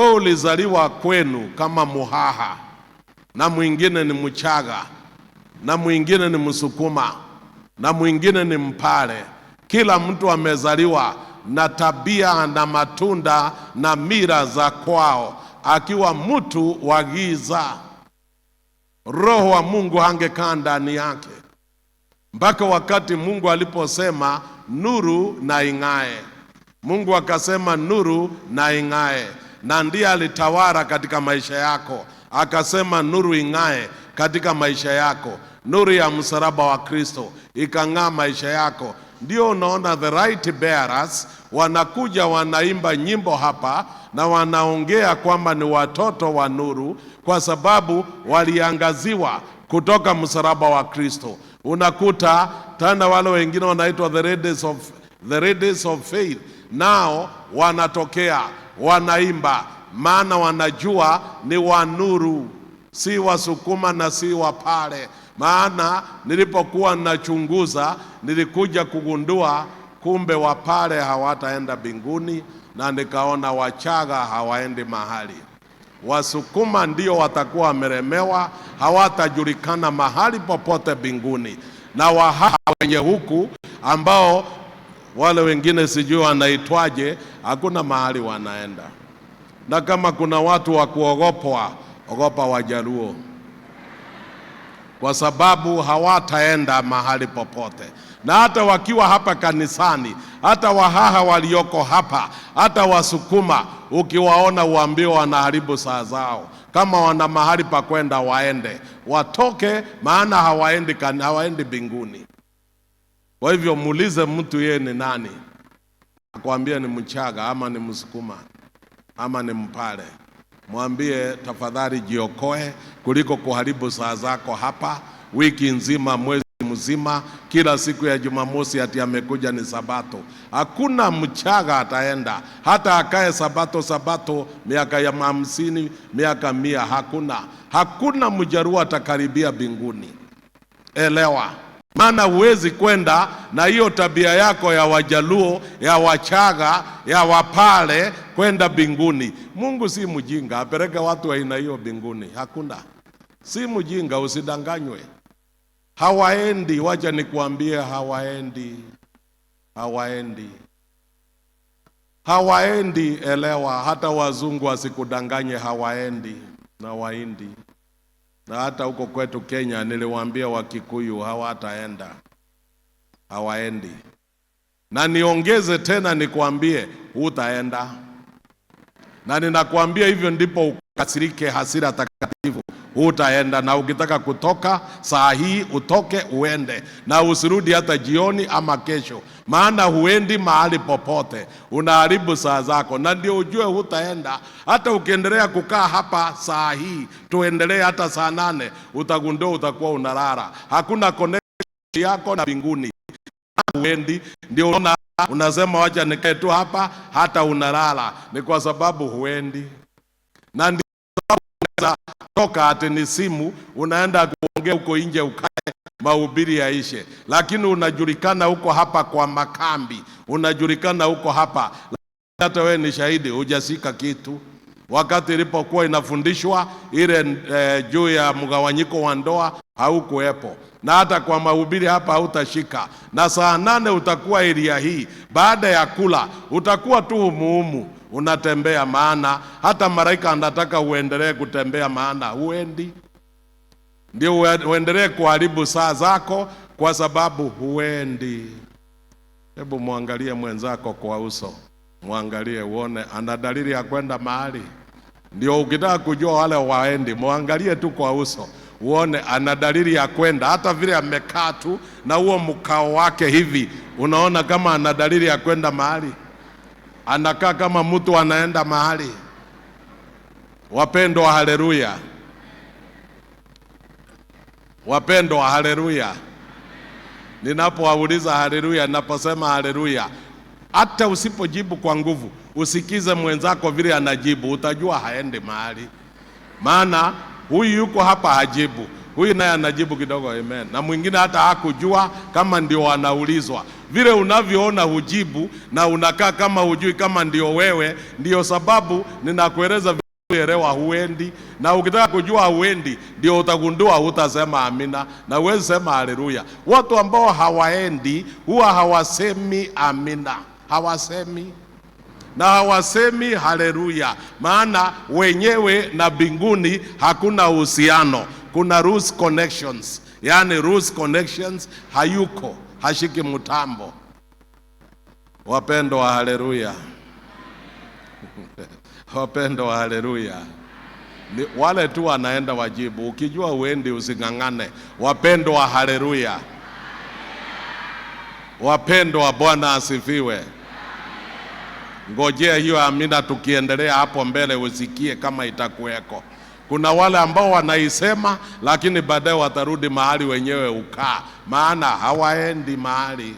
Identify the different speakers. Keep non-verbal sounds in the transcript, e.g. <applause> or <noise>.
Speaker 1: Wewe ulizaliwa kwenu kama Muhaha na mwingine ni Mchaga na mwingine ni Msukuma na mwingine ni Mpare. Kila mtu amezaliwa na tabia na matunda na mira za kwao, akiwa mtu wa giza, roho wa Mungu hangekaa ndani yake mpaka wakati Mungu aliposema nuru na ing'ae. Mungu akasema nuru na ing'ae na ndiye alitawala katika maisha yako, akasema nuru ing'ae katika maisha yako. Nuru ya msalaba wa Kristo ikang'aa maisha yako. Ndio unaona the right bearers wanakuja wanaimba nyimbo hapa na wanaongea kwamba ni watoto wa nuru, kwa sababu waliangaziwa kutoka msalaba wa Kristo. Unakuta tena wale wengine wanaitwa the ladies of, the ladies of faith nao wanatokea wanaimba, maana wanajua ni Wanuru, si Wasukuma na si pale. Maana nilipokuwa nachunguza, nilikuja kugundua kumbe Wapare hawataenda mbinguni, na nikaona Wachaga hawaendi mahali Wasukuma ndio watakuwa wameremewa, hawatajulikana mahali popote binguni, na Waha wenye huku ambao wale wengine sijui wanaitwaje, hakuna mahali wanaenda. Na kama kuna watu wa kuogopwa, ogopa Wajaluo kwa sababu hawataenda mahali popote, na hata wakiwa hapa kanisani, hata Wahaha walioko hapa, hata Wasukuma ukiwaona uambie wanaharibu saa zao. Kama wana mahali pa kwenda waende, watoke, maana hawaendi, hawaendi mbinguni. Kwa hivyo muulize mtu yeye ni nani, akwambia ni Mchaga ama ni Msukuma ama ni Mpare, mwambie tafadhali jiokoe kuliko kuharibu saa zako hapa wiki nzima, mwezi mzima, kila siku ya Jumamosi ati amekuja ni Sabato. Hakuna Mchaga ataenda hata akae Sabato Sabato miaka ya hamsini miaka mia, hakuna hakuna Mjaruo atakaribia binguni. Elewa maana huwezi kwenda na hiyo tabia yako ya Wajaluo, ya Wachaga, ya Wapale kwenda binguni. Mungu si mjinga, apeleke watu wa aina hiyo binguni. Hakuna, si mjinga, usidanganywe. Hawaendi, wacha nikuambie, hawaendi, hawaendi, hawaendi. Elewa, hata wazungu wasikudanganye, hawaendi na waindi na hata huko kwetu Kenya niliwaambia Wakikuyu hawataenda, hawaendi. Na niongeze tena nikwambie, hutaenda, na ninakwambia hivyo ndipo kasirike hasira takatifu, utaenda na ukitaka kutoka saa hii utoke uende, na usirudi hata jioni ama kesho, maana huendi mahali popote, unaharibu saa zako, na ndio ujue hutaenda. Hata ukiendelea kukaa hapa saa hii, tuendelee hata saa nane, utagundua utakuwa unalala. Hakuna connection yako na mbinguni, huendi. Ndio unaona unasema wacha nikae tu hapa, hata unalala, ni kwa sababu huendi na ndio sababu unaweza toka simu unaenda kuongea huko nje ukae mahubiri yaishe, lakini unajulikana huko hapa kwa makambi, unajulikana huko hapa. Hata wewe ni shahidi, hujasika kitu wakati ilipokuwa inafundishwa ile e, juu ya mgawanyiko wa ndoa haukuwepo, na hata kwa mahubiri hapa hautashika. Na saa nane utakuwa eria hii, baada ya kula utakuwa tu humuhumu unatembea maana hata maraika anataka uendelee kutembea, maana huendi. Ndio uendelee kuharibu saa zako, kwa sababu huendi. Hebu mwangalie mwenzako kwa uso, mwangalie uone ana dalili ya kwenda mahali. Ndio ukitaka kujua wale waendi, mwangalie tu kwa uso uone ana dalili ya kwenda. Hata vile amekaa tu na huo mkao wake hivi, unaona kama ana dalili ya kwenda mahali anakaa kama mtu anaenda mahali. Wapendwa, haleluya! Wapendwa, haleluya! Ninapowauliza haleluya, ninaposema haleluya, hata usipojibu kwa nguvu, usikize mwenzako vile anajibu, utajua haendi mahali, maana huyu yuko hapa hajibu Huyu naye anajibu kidogo amen, na mwingine hata hakujua kama ndio anaulizwa. Vile unavyoona hujibu na unakaa kama hujui kama ndio wewe. ndio sababu ninakueleza elewa, huendi na ukitaka kujua huendi, ndio utagundua, hutasema amina na huwezi sema haleluya. Watu ambao hawaendi huwa hawasemi amina, hawasemi na hawasemi haleluya, maana wenyewe na binguni hakuna uhusiano kuna loose connections, yani loose connections hayuko, hashiki mtambo. Wapendo wa haleluya, <laughs> wapendo wa haleluya. Ni wale tu wanaenda wajibu. Ukijua uendi using'ang'ane. Wapendo wa haleluya, wapendo wa Bwana asifiwe. Ngojea hiyo amina, tukiendelea hapo mbele usikie kama itakuweko. Kuna wale ambao wanaisema, lakini baadaye watarudi mahali wenyewe ukaa, maana hawaendi mahali